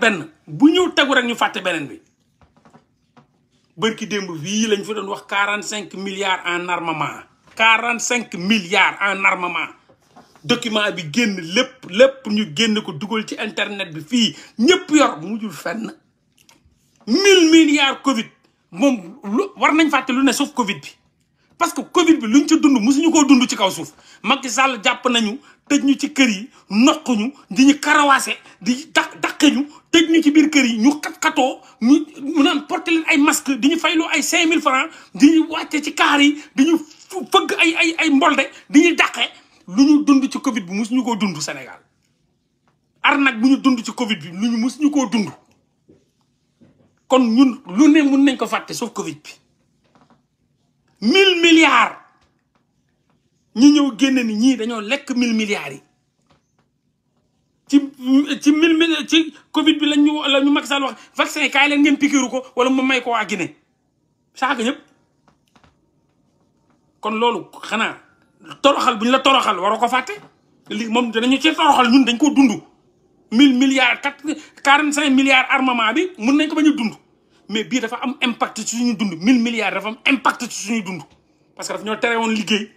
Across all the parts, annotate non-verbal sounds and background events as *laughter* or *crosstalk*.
benn bu ñëw tegu rek ñu fàtte beneen bi bërki démb bii lañ fi doon wax quarante cinq milliards en armement quarante cinq milliards en armement document bi génn lépp lépp ñu génn ko dugal ci internet bi fii ñëpp yor mujjul fenn mille milliards covid moom war nañ fàtte lu ne sauf covid bi parce que Covid bi luñ ci dund mosuñu koo dund ci kaw suuf Macky Sall jàpp nañu tëj ñu ci kër yi noq ñu di ñu karawaase di daq daqe ñu tëj ñu ci biir kër yi ñu xat xatoo ñu mu naan porté leen ay masque di ñu fayloo ay mille francs di ñu wàcce ci kaar yi di ñu fëgg ay ay ay mbolde di ñu daqe lu ñu dund ci Covid bi mosuñu koo dund Sénégal arnaque bu ñu dund ci Covid bi lu ñu koo dund kon ñun lu ne mun nañ ko fàtte sauf Covid bi. mille milliards ñi ñëw génne ni ñii dañoo lekk mille milliards yi ci ci mil mille ci Covid bi lañ ñu la ñu Macky Sall wax vaccin yi kaay leen ngeen pikiru ko wala mu may ko waa Guinée saaga ñëpp kon loolu xanaa toroxal bu ñu la toroxal waroo ko fàtte li moom danañu ci toroxal ñun dañ koo dund mille milliards quatre quarante cinq milliards armement bi mun nañ ko bañ a dund. mais bii dafa am impact ci suñu dund mille milliards dafa am impact ci suñu dund parce que daf ñoo tere woon liggéey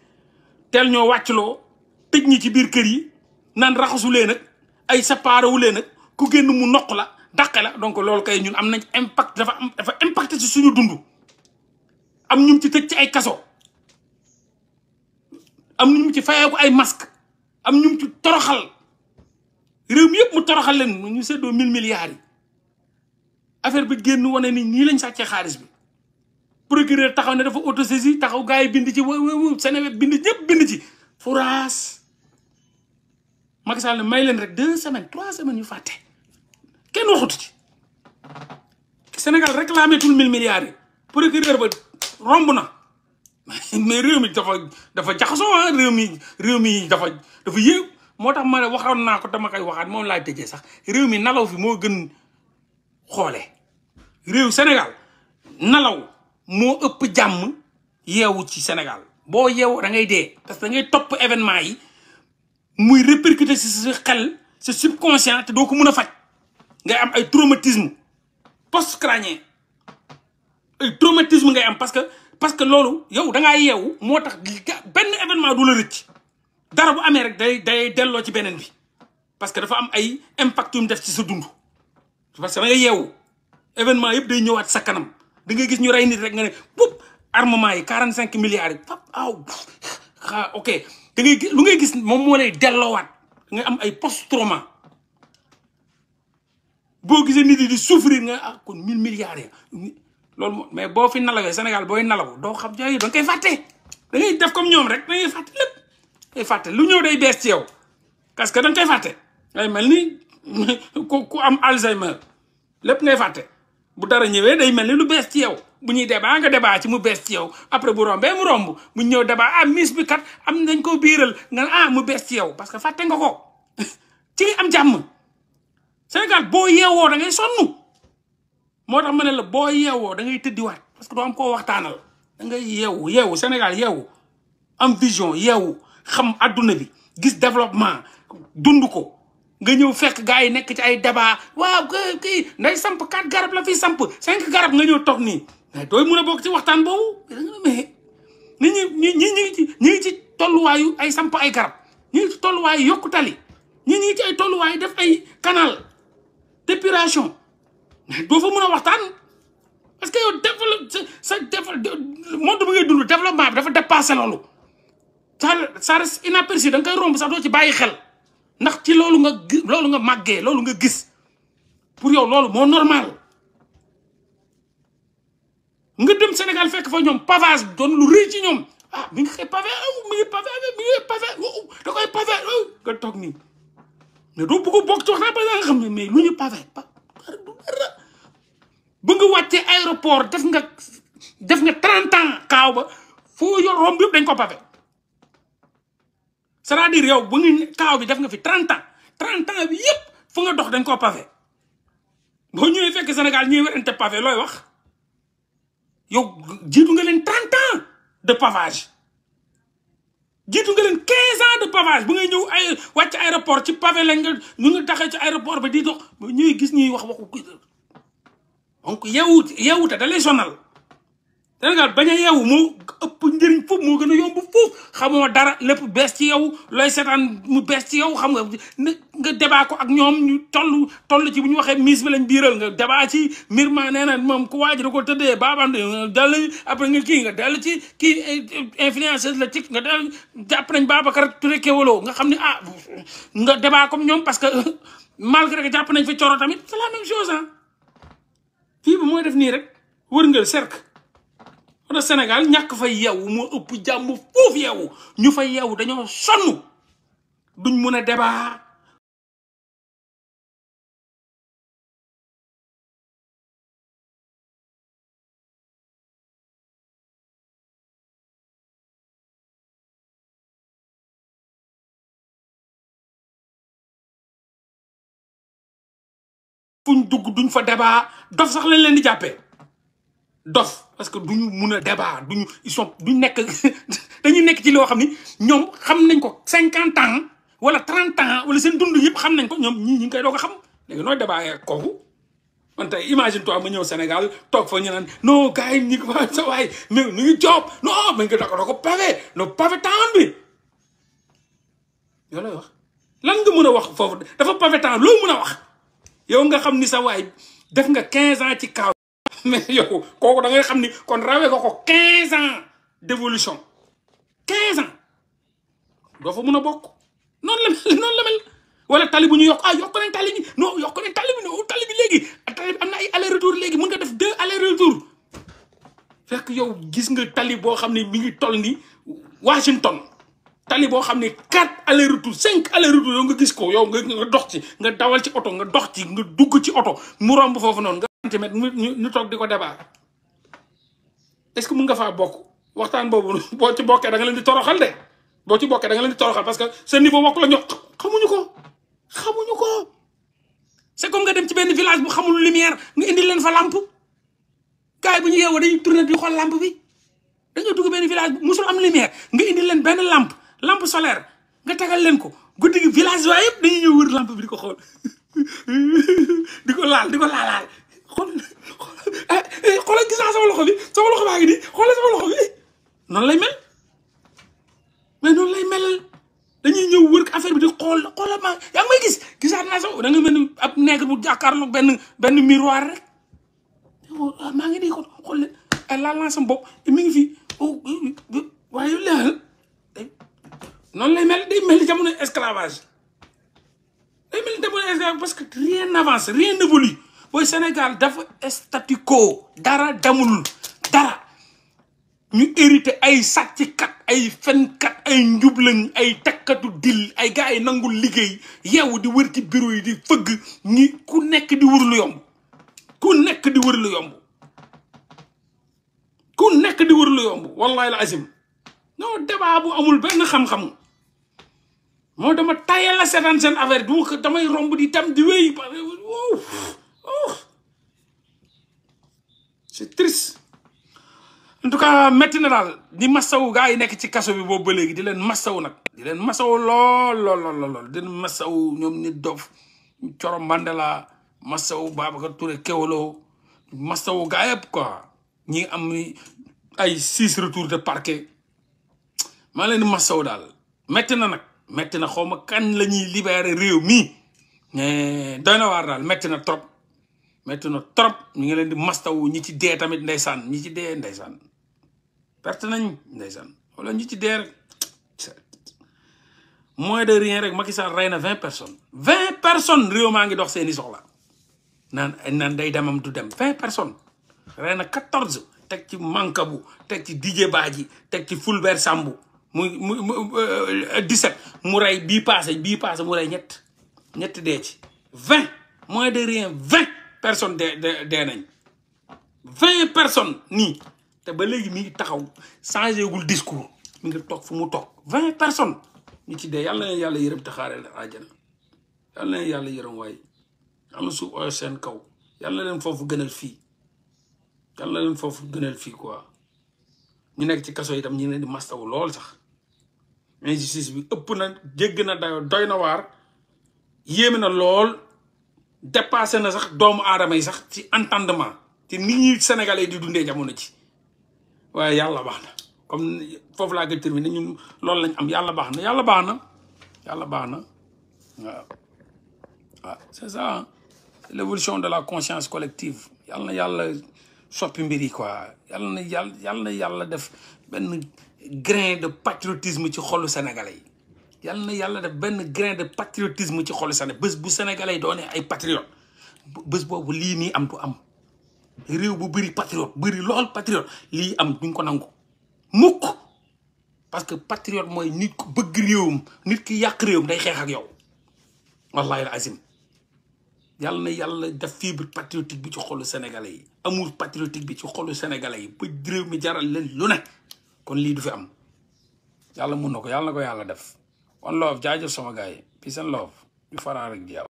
teel ñoo wàccloo tëj ñi ci biir kër yi naan raxasulee nag ay séparé wulee nag ku génn mu noq la dàqe la donc loolu kay ñun am nañ impact dafa am dafa impact ci suñu dund am ñum ci tëj ci ay kaso am ñu ci fayeeku ay masque am ñu ci toroxal réew mi yëpp mu toroxal leen ñu seddoo mill milliards yi affaire bi génn wone ni ñii lañ sàccee xaalis bi procureur taxaw ne dafa auto autosaisie taxaw gars yi bind ci wa wa Seneweb bind ñëpp bind ci fouraas Macky Sall may leen rek deux semaines trois semaines yu fàtte kenn waxutu ci Sénégal réclamé tul mille milliards yi procureur ba romb na *laughs* mais réew mi dafa dafa jaxasoo ah réew mi réew mi dafa dafa yéew moo tax ma ne waxoon naa ko dama koy waxaat moom laa tëjee sax réew mi nalaw fi moo gën xoole réew Sénégal nalaw moo ëpp jàmm yeewu ci Sénégal boo yeew da ngay dee parce que da topp événement yi muy répercuter si sa xel sa doo ko mun a faj ngay am ay traumatisme post crânien ay traumatisme ngay am parce que parce que loolu yow da ngaa moo tax benn événement du la rëcc bu amee rek day day delloo ci beneen bi parce que dafa am ay impact mu def ci sa dund parce que da nga yeewu événement yëpp day ñëwaat sa kanam da ngay gis ñu rey nit rek nga ne bopp armement yi quarante cinq milliards yi pap aw ah, ngay gis lu moom moo lay delloowaat da am ay post trauma boo gisee nit yi di souffrir nga ak ah, kon mille milliards yi loolu moo mais boo fi nalawee Sénégal booy nalaw doo xam jaay da koy fàtte da def comme ñoom rek da ngay fàtte lépp ngay fàtte lu ñëw day bees ci yow parce que da nga fàtte ngay mel ni ku am Alzheimer lépp ngay fàtte bu dara ñëwee day mel ni lu bees ci yow bu ñuy débat nga débat ci mu bees ci yow après bu bee mu romb mu ñëw débat ah miis bi kat am nañ koo biiral nga ah mu bees ci yow parce que fàtte nga ko *laughs* ci ngi am jàmm Sénégal boo yeewoo da ngay sonn moo tax ma ne la boo yeewoo da ngay tëddiwaat parce que doo am koo waxtaanal da ngay yeewu yeewu Sénégal am vision yeewu xam adduna bi gis développement dund ko. nga ñëw fekk gars yi nekk ci ay débat waaw kii nday samp quatre la fi samp cinq garab nga ñëw nii mais a bokk ci waxtaan boobu mais nit ñi ñi ñi ñi ci ñi ngi ci tolluwaayu ay samp ay garab ñi ngi ci tolluwaayu yokku tali ñi ngi tolluwaayu def ay canal d'épuration mais doo fa mun a waxtaan parce que yow développe sa sa monde bi ngay dund développement bi dafa dépassé loolu ça ça reste inaperçu da koy romb sax ci bàyyi xel ndax ci loolu nga loolu nga màggee loolu nga gis pour yow loolu moo normal nga dem Sénégal fekk fa ñoom pavage doon lu rëy ci ñoom ah mi ngi xëy pavé oh, mi ngi pavé mi ngi pavé oh, oh, da nga toog nii mais doo bëgg a bokk ci wax ba nga xam ne mais lu ñu pavé ba nga wàccee aéroport def nga def nga 30 ans kaaw ba foo yor romb yëpp dañ ko pavé. c'est-à-dire yow bu ngi bi def nga fi 30 ans 30 ans bi yëpp nga dox dañ koo pavé boo ñëwee fekk Sénégal ñuy werante pavé looy wax yow jiitu nga leen 30 ans de pavage jiitu nga leen 15 ans de pavage bu ngay ñëw ay wàcc aéroport ci pavé lañ nga ñu ci aéroport ba di dox ñuy gis ñuy wax waxu donc yeewut yeewute da lay sonal te bañ a yeewu mu ëpp njëriñ foofu moo gën a yomb foofu xamoo dara lépp bees ci yow looy seetaan mu bees ci yow xam nga nga débat ko ak ñoom ñu toll toll ci bu ñu waxee mise lañ biiral nga débat ci mbir maa nee na moom ku waaj da ko tëddee baaband euh, dal après nga kii nga dal ci kii euh, influenceuse la ci nga dal jàpp nañ Babacar Touré Kewelo nga xam ne ah nga débat comme ñoom parce que euh, malgré que jàpp nañ fi coro tamit c'est la même chose ah fii bi mooy def nii rek wërngal cercle wala Sénégal ñàkk fa yeewu moo ëpp jàmm foofu yeewu ñu fa yeewu dañoo sonn duñ mun a débat fuñ dugg duñ fa débat dof sax lañ leen di jàppe dof parce que duñu mun a débat duñu ils sont duñ nekk *laughs* dañu nekk ci loo xam ni ñoom xam nañ ko cinquante ans wala trente ans wala seen dund yëpp xam nañ ko ñoom ñii ñu ngi koy doog a xam léegi nooy débat ak kooku man tey imagine toi ma ñëw Sénégal toog fa ñu naan non gars yi ñu *laughs* ko sa ñu ngi joob non ma ngi ko dako ko pavé no pavé temps bi yoo lay mën a wax foofu dafa pavé temps loo mën a wax yow nga xam ni sa waay def nga quinze ans ci kaw *laughs* mais yow kooku da xam ni kon rawee ko ko 15 ans d'évolution 15 ans doo fa mun a bokk noonu la mel noonu la mel wala tali bu ñu yokk ah yokk nañ tali bi non yokk nañ tali bi non tali bi léegi tali am na ay aller retour léegi mën nga def deux aller retour fekk yow gis nga tali boo xam ne mi ngi toll ni Washington tali boo xam ne quatre aller retour cinq aller retour yow nga gis ko yow nga dox ci nga dawal ci oto nga dox ci nga dugg ci oto mu romb foofu noonu. centimètres ñu ñu toog di ko débat est-ce que mun nga faa bokk waxtaan boobu *laughs* boo ci bokkee danga leen di toroxal de boo ci bokkee da leen di toroxal parce que seen niveau wokk ko ñu xamuñu ko xamuñu ko c'est comme nga dem ci benn village bu xamul lumière nga indi leen fa lampe gars bu ñu yeewoo dañuy tourner di xool lampe bi dañoo dugg benn village bu nga indi leen benn lampe lampe solaire nga tegal leen ko guddi gi village waaye yëpp dañuy ñëw wër lampe bi di ko xool *laughs* di ko laal di ko laalaal xool eh, eh, xoolal gis naa sama loxo bi sama loxo baa ngi nii xoolal sama loxo bi noonu lay mel mais noonu lay mel dañuy ñëw wër affaire di xool xoolal ma yaa gis gisaat naa sama da mel ni ab bu jàkkaarloog benn benn miroir maa ngi nii kon eh, mi fi oh, waaye léegi noonu lay mel day mel ni jamono esclavage day mel ni jamono esclavage parce que rien n'avance rien booy Sénégal dafa statu quo dara demul dara ñu hérité ay sàcckat ay fenkat ay njublañ ay takkatu dil ay gars yi nangul liggéey yeewu di wër ci bureau yi di fëgg ñi ku nekk di wër lu yomb ku nekk di wër lu yomb ku nekk wallahi la azim non amul benn xam-xam moo dama tayal la seetaan seen du damay romb di tam di wéy oh c'est triste en tout cas métti na daal di masawu gars yi nekk ci kaso bi boobu ba léegi di leen masawu nag di leen masawu lool lool lool lool di leen masawu ñoom nit dof Coro Mandela masawu Babacar Touré Kewolo masawu gars yëpp quoi ñi am ay six retours de parquet maa leen di masawu daal métti na nag métti na xaw ma kan lañuy ñuy libérer réew mi mais doy daal métti na trop metti trop ñu ngi leen di mastawu ñi ci dee tamit ndeysaan ñi ci dee ndeysaan perte nañ ndeysaan wala ñi ci dee rek moins de rien rek Macky Sall rey na vingt personnes vingt personnes réew maa ngi dox seeni soxla naan naan day demam du dem vingt personnes rey na quatorze teg ci Mankabu teg ci Didier Badji teg ci Fulbert Sambou mu mu 17 euh, mu rey bii paase bii paase mu rey ñett ñett dee ci vingt moins de rien personne de de dee nañ vingt personne nii te ba léegi mi ngi taxaw changé gul discours mi ngi toog fu mu toog vingt personne ñu ci de yàlla na yàlla yërëm te xaaree la àjjana yàlla na yàlla yërëm waaye am na suuf oyo seen kaw yàlla leen foofu gënal fii yàlla leen foofu gënal fii quoi ñu nekk ci kaso itam ñu ne di mastawu lool sax injustice bi ëpp na jégg na dayo doy na waar yéeme na lool dépassé na sax doomu aadama yi sax ci entendement ci nit ñi sénégalais di dundee jamono ci waaye yàlla baax na comme foofu laa gëj terminé nañu loolu lañ am yàlla baax na yàlla baax na yàlla baax na waaw waaw c'est ça l'évolution de la conscience collective yàlla na yàlla soppi mbir yi quoi yàlla na yàlla yàlla na yàlla def benn grain de patriotisme ci xolu sénégalais yi yàlla na yàlla def benn grain de patriotisme ci xolu Sénégal bés bu sénégalais yi doonee ay patriote bés boobu lii nii am du am réew bu bëri patriote bëri lool patriote lii am duñ ko nangu mukk parce que patriote mooy nit ku nit ki yàq réewam day xeex ak yow wallahi al yàlla na yàlla def fibre patriotique bi ci xolu sénégalais yi amour patriotique bi ci xolu sénégalais yi ba réew mi jaral leen lu ne kon lii du fi am yàlla mun na ko yàlla ko yàlla def one love jaajëf sama gars yi peace and love ñu fanaan rek jàmm